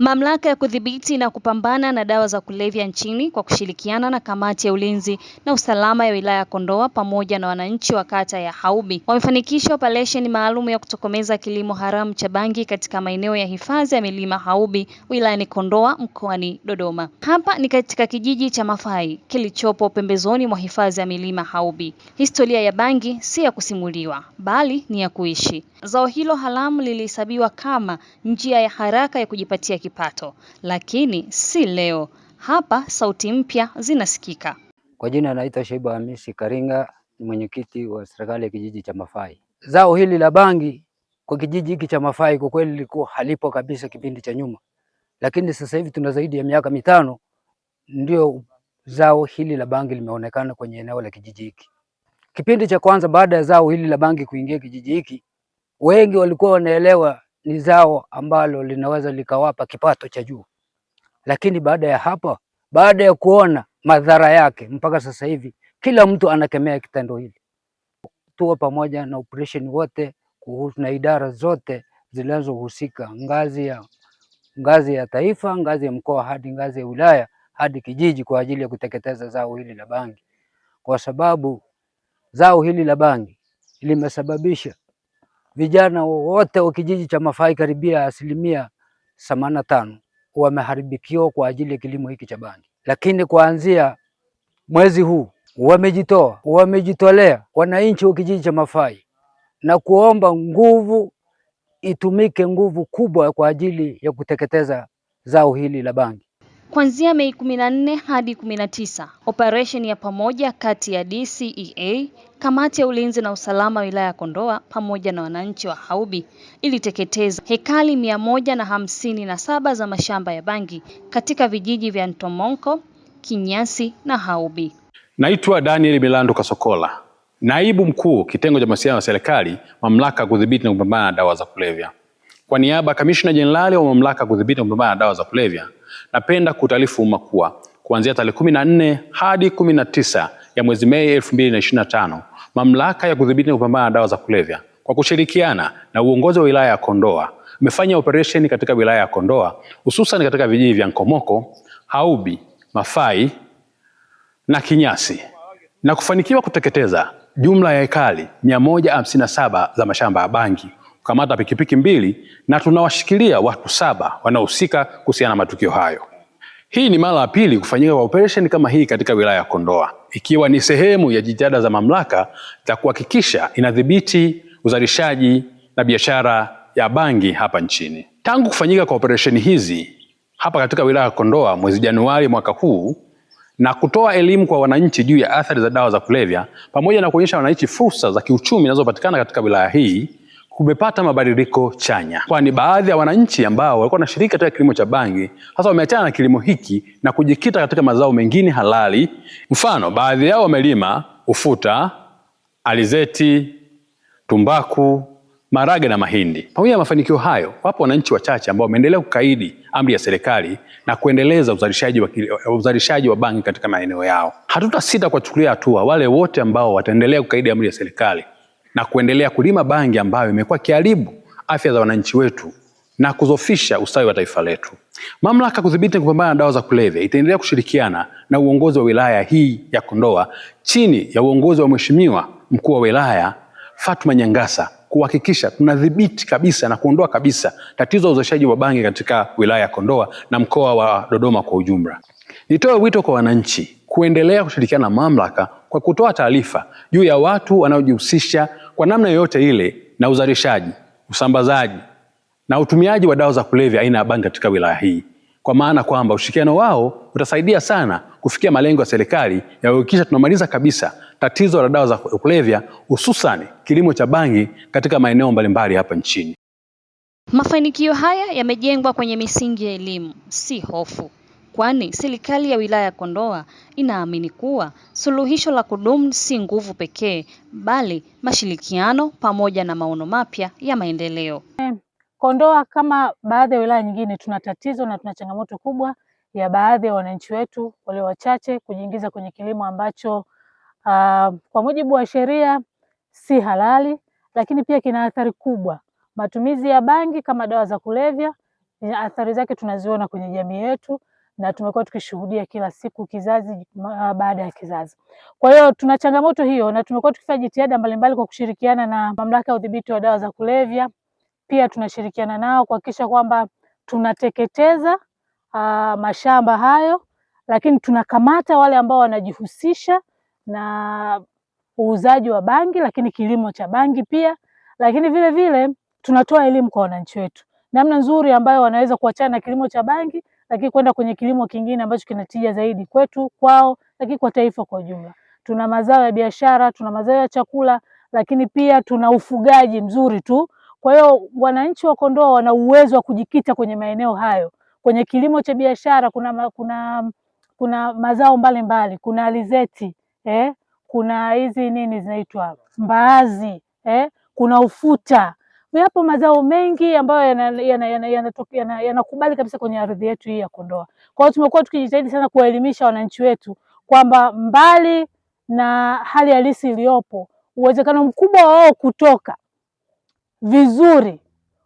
Mamlaka ya kudhibiti na kupambana na dawa za kulevya nchini kwa kushirikiana na kamati ya ulinzi na usalama ya wilaya ya Kondoa pamoja na wananchi wa kata ya Haubi wamefanikisha operesheni maalum ya kutokomeza kilimo haramu cha bangi katika maeneo ya hifadhi ya milima Haubi wilayani Kondoa mkoani Dodoma. Hapa ni katika kijiji cha Mafai kilichopo pembezoni mwa hifadhi ya milima Haubi. Historia ya bangi si ya kusimuliwa bali ni ya kuishi. Zao hilo haramu lilihesabiwa kama njia ya haraka ya kujipatia kipato, lakini si leo. Hapa sauti mpya zinasikika. Kwa jina anaitwa Shaibu Hamisi Karinga, ni mwenyekiti wa serikali ya kijiji cha Mafai. Zao hili la bangi kwa kijiji hiki cha Mafai kwa kweli lilikuwa halipo kabisa kipindi cha nyuma, lakini sasa hivi tuna zaidi ya miaka mitano ndio zao hili la bangi limeonekana kwenye eneo la kijiji hiki. Kipindi cha kwanza baada ya zao hili la bangi kuingia kijiji hiki, wengi walikuwa wanaelewa ni zao ambalo linaweza likawapa kipato cha juu, lakini baada ya hapo, baada ya kuona madhara yake, mpaka sasa hivi kila mtu anakemea kitendo hili. Tuwa pamoja na operation wote kuhusu na idara zote zinazohusika ngazi ya, ngazi ya taifa, ngazi ya mkoa, hadi ngazi ya wilaya, hadi kijiji, kwa ajili ya kuteketeza zao hili la bangi, kwa sababu zao hili la bangi limesababisha vijana wote wa kijiji cha Mafai karibia asilimia themanini na tano wameharibikiwa kwa ajili ya kilimo hiki cha bangi, lakini kuanzia mwezi huu wamejitoa, wamejitolea wananchi wa kijiji cha Mafai na kuomba nguvu itumike, nguvu kubwa kwa ajili ya kuteketeza zao hili la bangi. Kuanzia Mei 14 hadi 19, operesheni ya pamoja kati ya DCEA, kamati ya ulinzi na usalama wilaya ya Kondoa pamoja na wananchi wa Haubi iliteketeza hekali mia moja na hamsini na saba za mashamba ya bangi katika vijiji vya Ntomonko, Kinyasi na Haubi. Naitwa Daniel Milando Kasokola, naibu mkuu kitengo cha mawasiliano ya serikali, mamlaka ya kudhibiti na kupambana na dawa za kulevya. Kwa niaba ya kamishna jenerali wa mamlaka ya kudhibiti na kupambana na dawa za kulevya Napenda kutaarifu umma kuwa kuanzia tarehe kumi na nne hadi kumi na tisa ya mwezi Mei elfu mbili na ishirini na tano mamlaka ya kudhibiti na kupambana na dawa za kulevya kwa kushirikiana na uongozi wa wilaya ya Kondoa imefanya operesheni katika wilaya ya Kondoa hususan katika vijiji vya Nkomoko, Haubi, Mafai na Kinyasi na kufanikiwa kuteketeza jumla ya ekari mia moja hamsini na saba za mashamba ya bangi kukamata pikipiki mbili na tunawashikilia watu saba wanaohusika kuhusiana na matukio hayo. Hii ni mara ya pili kufanyika kwa operesheni kama hii katika wilaya ya Kondoa, ikiwa ni sehemu ya jitihada za mamlaka za kuhakikisha inadhibiti uzalishaji na biashara ya bangi hapa nchini. Tangu kufanyika kwa operesheni hizi hapa katika wilaya ya Kondoa mwezi Januari mwaka huu na kutoa elimu kwa wananchi juu ya athari za dawa za kulevya pamoja na kuonyesha wananchi fursa za kiuchumi zinazopatikana katika wilaya hii, kumepata mabadiliko chanya, kwani baadhi ya wananchi ambao walikuwa wanashiriki katika kilimo cha bangi sasa wameachana na kilimo hiki na kujikita katika mazao mengine halali. Mfano, baadhi yao wamelima ufuta, alizeti, tumbaku, maharage na mahindi. Pamoja na mafanikio hayo, wapo wananchi wachache ambao wameendelea kukaidi amri ya serikali na kuendeleza uzalishaji wa, uzalishaji wa bangi katika maeneo yao. Hatutasita kuwachukulia hatua wale wote ambao wataendelea kukaidi amri ya serikali na kuendelea kulima bangi ambayo imekuwa kiharibu afya za wananchi wetu na kuzofisha ustawi wa taifa letu. Mamlaka kudhibiti na kupambana na dawa za kulevya itaendelea kushirikiana na uongozi wa wilaya hii ya Kondoa chini ya uongozi wa Mheshimiwa mkuu wa wilaya Fatuma Nyangasa kuhakikisha tunadhibiti kabisa na kuondoa kabisa tatizo la uzalishaji wa bangi katika wilaya ya Kondoa na mkoa wa Dodoma kwa ujumla. Nitoe wito kwa wananchi kuendelea kushirikiana na mamlaka kwa kutoa taarifa juu ya watu wanaojihusisha kwa namna yoyote ile na uzalishaji, usambazaji na utumiaji wa dawa za kulevya aina ya bangi katika wilaya hii, kwa maana kwamba ushirikiano wao utasaidia sana kufikia malengo ya serikali ya kuhakikisha tunamaliza kabisa tatizo la dawa za kulevya hususan kilimo cha bangi katika maeneo mbalimbali hapa nchini. Mafanikio haya yamejengwa kwenye misingi ya elimu, si hofu kwani serikali ya wilaya ya Kondoa inaamini kuwa suluhisho la kudumu si nguvu pekee, bali mashirikiano pamoja na maono mapya ya maendeleo. Kondoa kama baadhi ya wilaya nyingine, tuna tatizo na tuna changamoto kubwa ya baadhi ya wananchi wetu walio wachache kujiingiza kwenye kilimo ambacho uh, kwa mujibu wa sheria si halali, lakini pia kina athari kubwa. Matumizi ya bangi kama dawa za kulevya, athari zake tunaziona kwenye jamii yetu, na tumekuwa tukishuhudia kila siku kizazi ah, baada ya kizazi. Kwa hiyo tuna changamoto hiyo, na tumekuwa tukifanya jitihada mbalimbali kwa kushirikiana na Mamlaka ya Udhibiti wa Dawa za Kulevya. Pia tunashirikiana nao kuhakikisha kwamba tunateketeza aa, ah, mashamba hayo, lakini tunakamata wale ambao wanajihusisha na uuzaji wa bangi, lakini kilimo cha bangi pia, lakini vile vile tunatoa elimu kwa wananchi wetu namna nzuri ambayo wanaweza kuachana na kilimo cha bangi lakini kwenda kwenye kilimo kingine ambacho kinatija zaidi kwetu, kwao, lakini kwa taifa kwa ujumla. Tuna mazao ya biashara, tuna mazao ya chakula, lakini pia tuna ufugaji mzuri tu. Kwa hiyo wananchi wa Kondoa wana uwezo wa kujikita kwenye maeneo hayo. Kwenye kilimo cha biashara kuna, kuna, kuna mazao mbalimbali mbali. Kuna alizeti eh? kuna hizi nini zinaitwa mbaazi eh? kuna ufuta Yapo mazao mengi ambayo yanakubali yana, yana, yana, yana, yana kabisa kwenye ardhi yetu hii ya Kondoa. Kwa hiyo tumekuwa tukijitahidi sana kuwaelimisha wananchi wetu kwamba mbali na hali halisi iliyopo, uwezekano mkubwa wao kutoka vizuri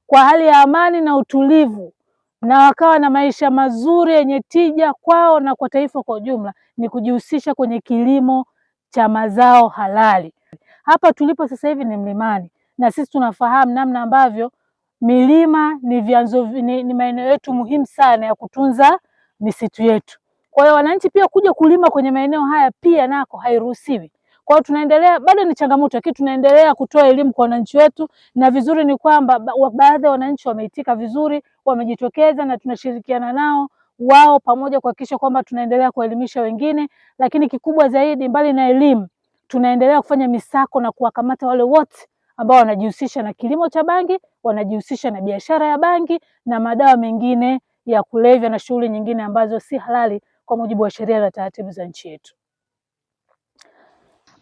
kwa hali ya amani na utulivu na wakawa na maisha mazuri yenye tija kwao na kwa taifa kwa ujumla ni kujihusisha kwenye kilimo cha mazao halali. Hapa tulipo sasa hivi ni mlimani na sisi tunafahamu namna ambavyo milima ni vyanzo, ni, ni maeneo yetu muhimu sana ya kutunza misitu yetu. Kwa hiyo wananchi pia kuja kulima kwenye maeneo haya pia nako hairuhusiwi. Kwa hiyo tunaendelea, bado ni changamoto, lakini tunaendelea kutoa elimu kwa wananchi wetu, na vizuri ni kwamba baadhi ya wananchi wameitika vizuri, wamejitokeza na tunashirikiana nao wao pamoja kuhakikisha kwamba tunaendelea kuelimisha wengine, lakini kikubwa zaidi, mbali na elimu, tunaendelea kufanya misako na kuwakamata wale wote ambao wanajihusisha na kilimo cha bangi, wanajihusisha na biashara ya bangi na madawa mengine ya kulevya na shughuli nyingine ambazo si halali kwa mujibu wa sheria na taratibu za nchi yetu.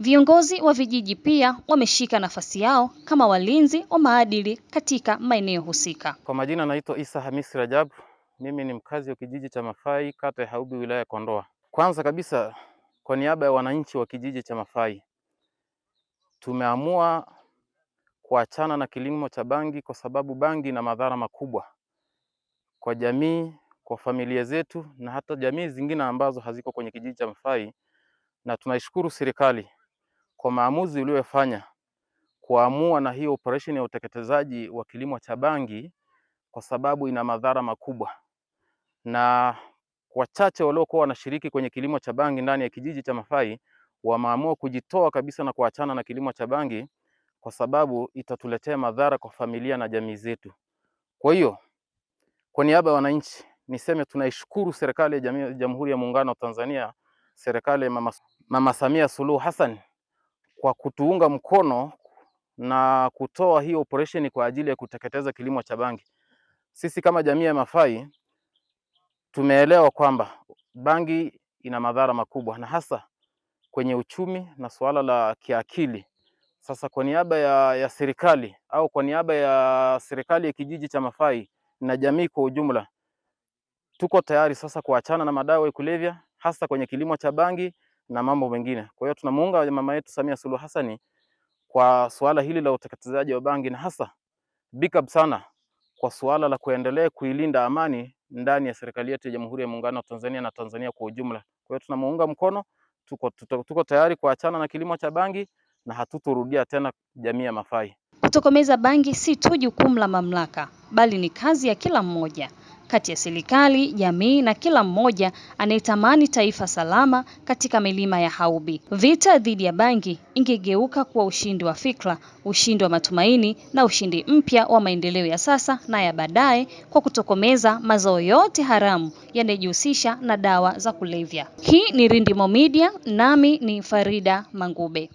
Viongozi wa vijiji pia wameshika nafasi yao kama walinzi wa maadili katika maeneo husika. Kwa majina naitwa Isa Hamisi Rajabu, mimi ni mkazi wa kijiji cha Mafai, kata ya Haubi, wilaya ya Kondoa. Kwanza kabisa, kwa niaba ya wananchi wa kijiji cha Mafai tumeamua kuachana na kilimo cha bangi, kwa sababu bangi ina madhara makubwa kwa jamii, kwa familia zetu na hata jamii zingine ambazo haziko kwenye kijiji cha Mafai, na tunaishukuru serikali kwa maamuzi uliyofanya kuamua na hiyo operation ya uteketezaji wa kilimo cha bangi, kwa sababu ina madhara makubwa, na wachache waliokuwa wanashiriki kwenye kilimo cha bangi ndani ya kijiji cha Mafai wameamua kujitoa kabisa na kuachana na kilimo cha bangi kwa sababu itatuletea madhara kwa familia na jamii zetu. Kwa hiyo kwa niaba ya wananchi niseme tunaishukuru serikali ya Jamhuri ya Muungano wa Tanzania, serikali ya Mama, Mama Samia Suluhu Hassan kwa kutuunga mkono na kutoa hii operation kwa ajili ya kuteketeza kilimo cha bangi. Sisi kama jamii ya Mafai tumeelewa kwamba bangi ina madhara makubwa na hasa kwenye uchumi na suala la kiakili. Sasa kwa niaba ya, ya serikali au kwa niaba ya serikali ya kijiji cha Mafai na jamii kwa ujumla, tuko tayari sasa kuachana na madawa ya kulevya hasa kwenye kilimo cha bangi na mambo mengine. Kwa hiyo tunamuunga mama yetu Samia Suluhu Hassan kwa suala hili la utakatishaji wa bangi na hasa big up sana kwa suala la kuendelea kuilinda amani ndani ya serikali yetu ya Jamhuri ya Muungano wa Tanzania na Tanzania kwa ujumla. Kwa hiyo tunamuunga mkono, tuko, tuko, tuko tayari kuachana na kilimo cha bangi na hatuturudia tena jamii ya Mafai. Kutokomeza bangi si tu jukumu la mamlaka, bali ni kazi ya kila mmoja kati ya serikali, jamii na kila mmoja anayetamani taifa salama katika milima ya Haubi. Vita dhidi ya bangi ingegeuka kuwa ushindi wa fikra, ushindi wa matumaini na ushindi mpya wa maendeleo ya sasa na ya baadaye kwa kutokomeza mazao yote haramu yanayojihusisha na dawa za kulevya. Hii ni Rindimo Media, nami ni Farida Mangube.